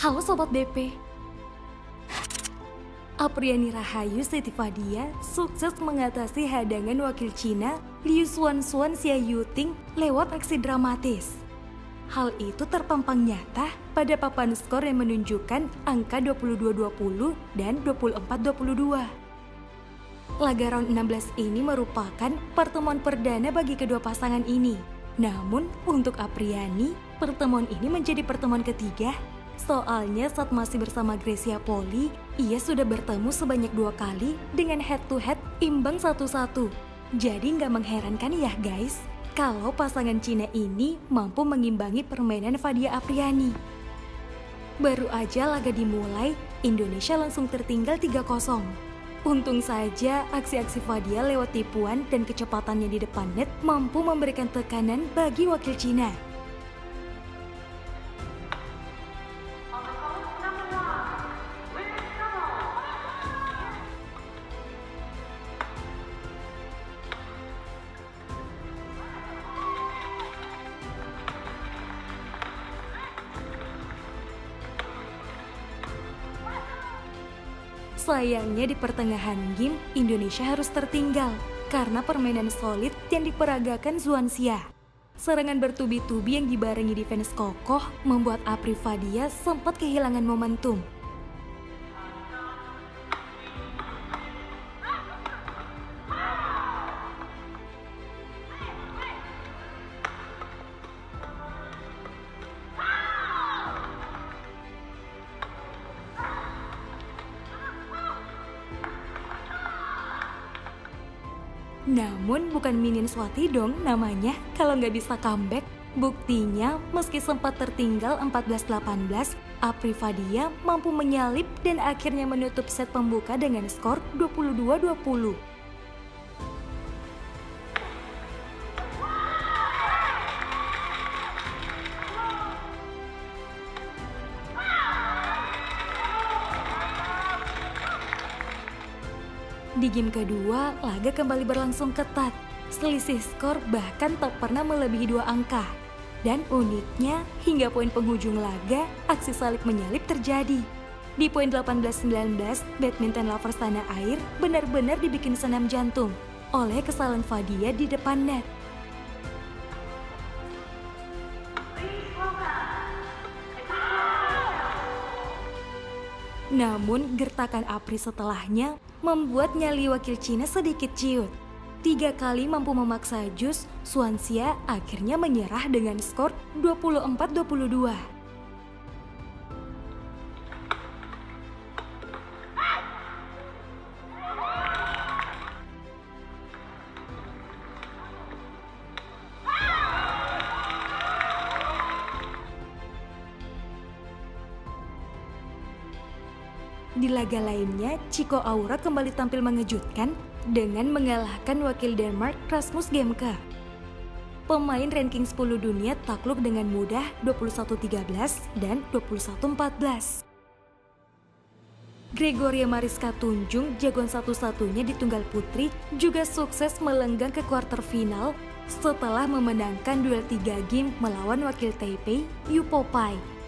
Halo Sobat BP Apriani Rahayu Siti Fadia sukses mengatasi hadangan wakil Cina Liu Xuan Xuan Xia Yuting lewat aksi dramatis. Hal itu terpampang nyata pada papan skor yang menunjukkan angka 22-20 dan 24-22. Laga round 16 ini merupakan pertemuan perdana bagi kedua pasangan ini. Namun, untuk Apriani, pertemuan ini menjadi pertemuan ketiga Soalnya saat masih bersama Gracia Poli, ia sudah bertemu sebanyak dua kali dengan head to head imbang satu-satu. Jadi nggak mengherankan ya guys, kalau pasangan Cina ini mampu mengimbangi permainan Fadia Apriani. Baru aja laga dimulai, Indonesia langsung tertinggal 3-0. Untung saja aksi-aksi Fadia lewat tipuan dan kecepatannya di depan net mampu memberikan tekanan bagi wakil Cina. Sayangnya di pertengahan game, Indonesia harus tertinggal karena permainan solid yang diperagakan Zuansia. Serangan bertubi-tubi yang dibarengi defense kokoh membuat Apri Fadia sempat kehilangan momentum Namun bukan Minin Swati dong namanya kalau nggak bisa comeback. Buktinya, meski sempat tertinggal 14-18, Apri Fadia mampu menyalip dan akhirnya menutup set pembuka dengan skor 22-20. Di game kedua, laga kembali berlangsung ketat. Selisih skor bahkan tak pernah melebihi dua angka. Dan uniknya, hingga poin penghujung laga, aksi salib menyalip terjadi. Di poin 18-19, badminton lovers tanah air benar-benar dibikin senam jantung oleh kesalahan Fadia di depan net. Namun, gertakan Apri setelahnya membuat nyali wakil Cina sedikit ciut. Tiga kali mampu memaksa Jus, Suansia akhirnya menyerah dengan skor 24-22. Di laga lainnya, Chico Aura kembali tampil mengejutkan dengan mengalahkan wakil Denmark Rasmus Gemke. Pemain ranking 10 dunia takluk dengan mudah 21-13 dan 21-14. Gregoria Mariska Tunjung, jagoan satu-satunya di tunggal putri, juga sukses melenggang ke quarter final setelah memenangkan duel 3 game melawan wakil Taipei, Yupo Pai.